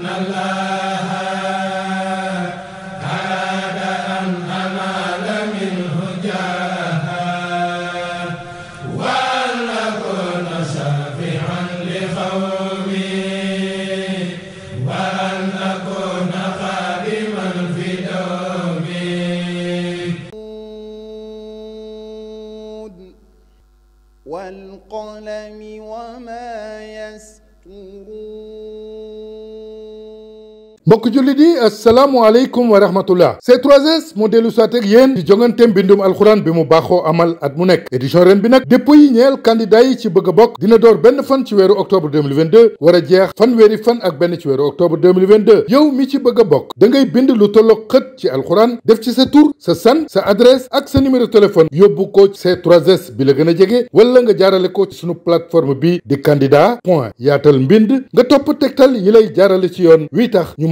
na la mbokk jullit yi asalaamualeykum wa rahmatullah C3S moo dellu saat ak yéen di jongante mbindum alxuraan bi mu baaxoo amal at mu nekk édition ren bi nag dépôt yi ñeel candidat yi ci bëgg a bokk dina door benn fan ci weeru octobre 2022 war a jeex fan fanweeri fan ak benn ci weeru octobre 2022 yow mi ci bëgg a bokk dangay bind lu tolloog xët ci alxuraan def ci sa tour sa san sa adresse ak sa numéro téléphone yóbbu ko c s bi la gën a jege wala nga jaarale ko ci sunu plateforme bi di candidat point yaatal mbind nga topp tegtal yi lay jaarale ci yoon wi tax ñu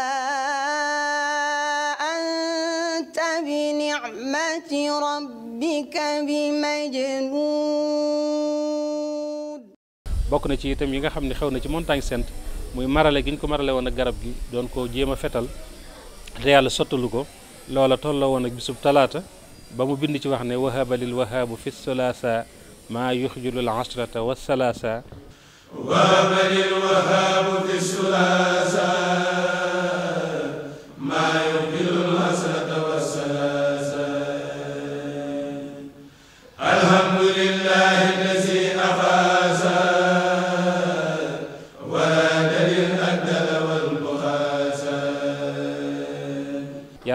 رحمة ربك بمجنون bokk na ci itam yi nga xam ne xew na ci montagne sainte muy marale gi ko marale woon ak garab gi doon ko jéem a fetal te yàlla sottalu ko loola tolloo woon ak bisub talaata ba mu bind ci wax ne wahaba lil wahabu fi solaasa maa yuxjilu l wa salaasa wahaba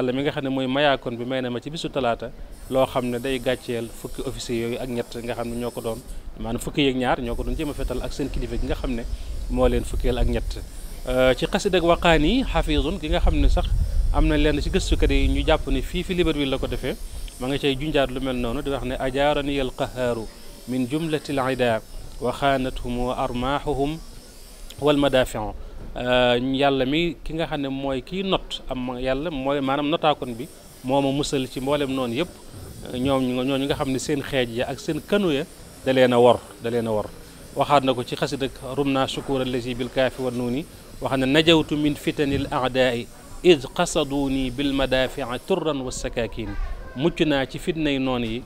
yàlla mi nga xam ne mooy mayaakoon bi may na ma ci bisu talaata loo xam ne day gàcceel fukki officier yooyu ak ñett nga xam ne ñoo ko doon maanaam fukki yeeg ñaar ñoo ko doon jéem a fetal ak seen kilifa gi nga xam ne moo leen fukkeel ak ñett euh, ci xasida ak waqaan yi xafisun gi nga xam ne sax am na lenn ci gëstukat yi ñu jàpp ne fii fi Libreville la ko defee ma nga cay junjaat lu mel noonu di wax ne ajaarani al qahaaru min jumlati al ida wa xaanatuhum wa armaahuhum wal madaafiu euh, yàlla mi ki nga xam ne mooy kiy not am yàlla mooy maanaam notaakoon bi moo ma musal ci mboolem noon yëpp ñoom ñooñu nga xam ne seen xeej ya ak seen kanu ya da leen a wor da leen a wor waxaat na ko ci xasid ak rum naa sukuur allazi bil kaafi wa nuuni wax ne najawtu min fitanil aadaai id qasaduuni bil madaafiaa turran wa sakaakin mucc naa ci fitnay noon yi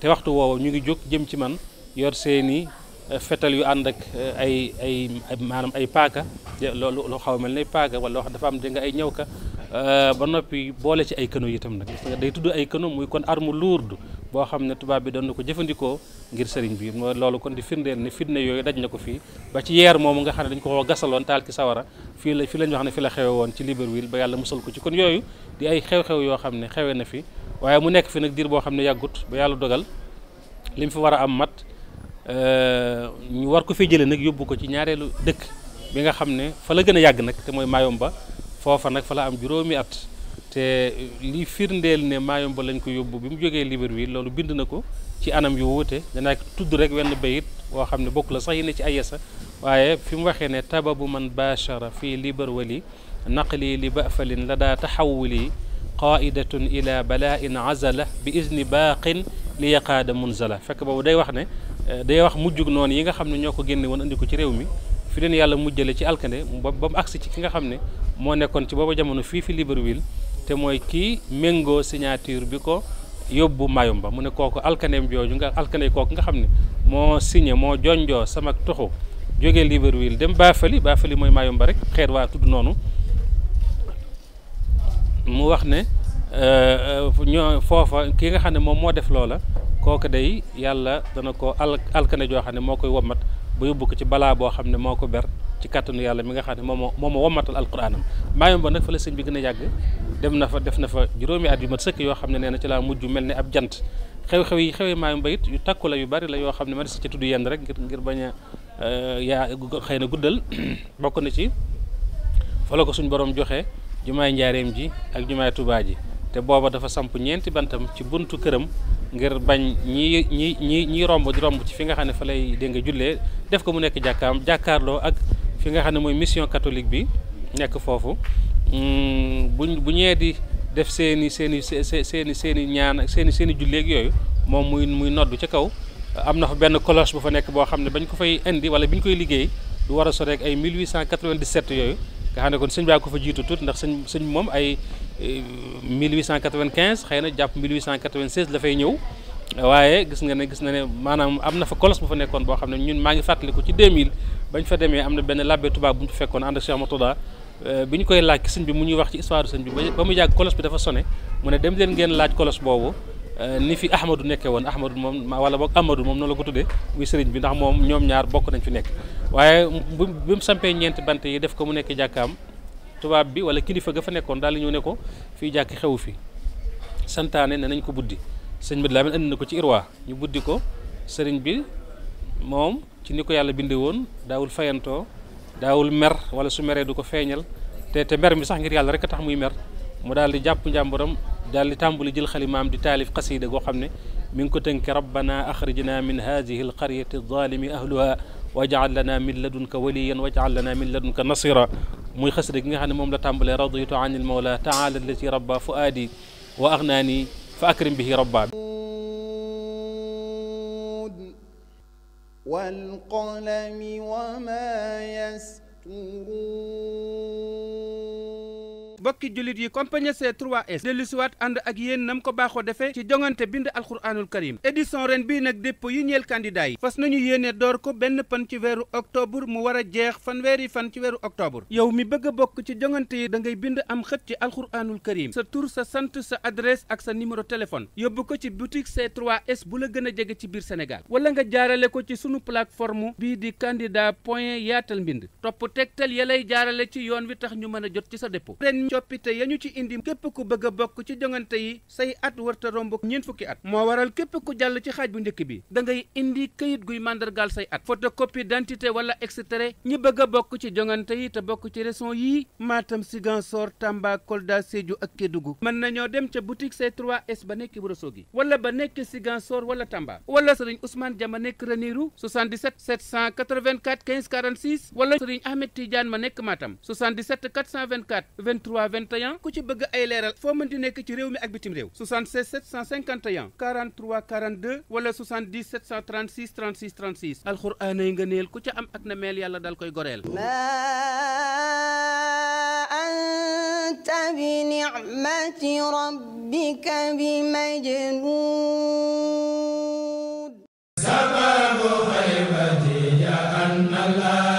te waxtu woowu ñu ngi jóg jëm ci man yor seeni Euh, fetal yu ànd ak euh, ay ay maanaam ay paaka loolu xaw mel ne paaka wala wax dafa am di nga ay ñëw ka euh, ba noppi boole ci ay kano itam nag day tudd ay kano muy kon arme lourde boo xam ne tubaab bi doon na ko jëfandikoo ngir sëriñ bi moo loolu kon di firndeel ne fitna yooyu daj na ko fii ba ci yeer moomu nga xam ne dañ ko wax gasaloon taal ki sawara fii la fii lañ wax ne fi la xewe woon ci Libreville ba yàlla musal ko ci kon yooyu di ay xew-xew yoo xam ne xewe na fi mu nekk fi nag diir boo xam ne yàggut ba yàlla dogal Euh, ñu war ko fee jëlee nag yóbbu ko ci ñaareelu dëkk bi nga xam ne fa la gën a yàgg nag te mooy Mayumba foofa nag fa la am juróomi at te li firndeel ne ba lañ ko yóbbu bi mu jógee Libreville loolu bind na ko ci anam yu wuute danaa tudd rek wenn bayit woo xam ne bokk la sax yi ne ci ayesa waaye fi mu waxee ne tababu man bachara fii Libreville naqli li bafalin la daa taxawuli qaidatun ila balaa in azala bi izni baaqin li yaqaada munzala fekk boobu day wax ne Eh, day wax mujjug noonu yi nga xam ne ñoo ko génne woon andi ko ci réew mi fi leen yàlla mujjale ci alkande ba ba mu agsi ci ki nga xam ne moo nekkoon ci booba jamono fii fi Libreville te mooy kii méngoo signature bi ko yóbbu ba mu ne kooku alkandeem jooju nga alkande kooku nga xam ne moo signé moo jonjoo sama toxo jóge jógee Libreville dem Baafali Baafali mooy Mayumba rek xeet waa tudd noonu mu wax ne Euh, euh, ñoo foofa kii nga xam ne moom moo def loola kooku day yàlla dana ko al alkane joo xam ne moo koy wommat ba yóbbu ko ci balaa boo xam ne moo ko ber ci kàttanu yàlla mi nga xam ne moom moo ma wommatal alquraanam maayom ba nag fa la sëñ bi gën a yàgg def na fa def na fa juróomi at yu mat sëkk yoo xam ne nee na ci laa mujj mel ni ab jant xew-xew yi xewee maayom ba it yu takku la yu bari la yoo xam ne ma si ci tudd yenn rek ngir ngir bañ a euh, yaa xëy na guddal bokk na ci fa la borom joxe jumaay njaareem ji ak jumaay tubaa ji te booba dafa samp ñeenti bantam ci buntu këram ngir bañ ñi ñi ñi ñi romb di romb ci fi nga xam ne fa lay dégg nga jullee def ko mu nekk jàkkaam jàkkaarloo ak fi nga xam ne mooy mission catholique bi nekk foofu bu hmm, buñ bu ñee di def seeni i seen i seen i seen i ñaan ak seen i seen i yooyu moom muy muy noddu ca kaw am na fa benn cloche bu fa nekk boo xam ne bañ ko fay indi wala bi ñu koy liggéey du war a sori ak ay 1897 yooyu nga xam ne kon sëñ baa ko fa jiitu tuuti ndax sëñ sëñ moom ay 1895 eh, xëy na jàpp 1896 la fay ñëw waaye gis nga ne gis na ne maanaam am na fa kolos bu fa nekkoon boo xam ne ñun maa ngi fàttaliku ci 2000 bañ fa demee am na benn labbe tubaab bu ñu fekkoon ànd ak Cheikh Matoda eh, bi ñu koy laaj sëñ bi mu ñuy wax ci histoire sëñ bi ba mu yàgg kolos bi dafa sone mu ne dem leen ngeen laaj kolos boobu Euh, ni fi Ahmadou nekkee woon Ahmadou moom wala boog Amadou moom noonu la ko tuddee muy sëriñ bi ndax moom ñoom ñaar bokk nañ fi nekk waaye bi mu sampee ñeent bant yi def ko mu nekk jàkkaam tubaab bi wala kilifa ga fa nekkoon daal di ñëw ne ko fii jàkk xewu fi santaane ne nañ ko buddi sëñ bi Lamin indi na ko ci Irwa ñu buddi ko sëriñ bi moom ci ni ko yàlla bindee woon daawul fayantoo daawul mer wala su meree du ko feeñal te te mer sax ngir yàlla rek a tax muy mer mu daal di jàpp njàmburam daal di tàmbali jël xalimaam di taalif xasiida goo xam ne mi ngi ko tënke rabbana axrijna min hadihi alqaryati zalimi ahluha wajal lana min ladunka waliyan wajal lana min ladunka nasira muy xasida gi nga xam ne moom la tàmbalee raditu an il mawla taala allati rabba fuaadi wa agnaani fa akrim bihi rabba والقلم وما يسطرون mbokki jullit yi compagnie C3S dellu siwaat ànd ak yéen nam ko baaxoo defee ci jongante bind alxuraanul karim édition ren bii nag dépôt yi ñeel candidat yi fas nañu yéene door ko benn pan ci weeru octobre mu war a jeex fanweeri fan ci weeru octobre yow mi bëgg bokk ci jongante yi da ngay bind am xët ci alxuraanul karim sa tur sa sant sa adresse ak sa numéro téléphone yóbbu ko ci boutique c 3 bu la gën a jege ci biir Sénégal wala nga jaarale ko ci sunu plateforme bii di candidat point yaatal mbind topp tegtal ya lay jaarale ci yoon wi tax ñu mën a jot ci sa dépôt coppite ya ñu ci indi képp ku bëgg bokk ci jongante yi say at warta romb ñeent fukki at moo waral képp ku jàll ci xaaj bu njëkk bi da ngay indi këyit guy màndargaal say at photocopie d'identité wala et cetera ñi bëgg a bokk ci jongante yi te bokk ci région yii Matam Ziguinchor Tamba Kolda Sédhiou ak Kédougou mën nañoo dem ca boutique C3S ba nekk Wuro Sogi wala ba nekk Ziguinchor wala Tamba wala Serigne Ousmane Dia ma nekk Ranérou 77 784 15 46 wala Serigne Ahmed Tidiane ma nekk Matam 77 424 23 751 ku ci bëgg ay leeral foo man di nekk ci réew mi ak bitim réew 76 751 wala 70 736 36 36 alxuraan ay nga neel ku ca am ak na meel yàlla dal koy goreel anta bi ni'mati rabbika bi majnuun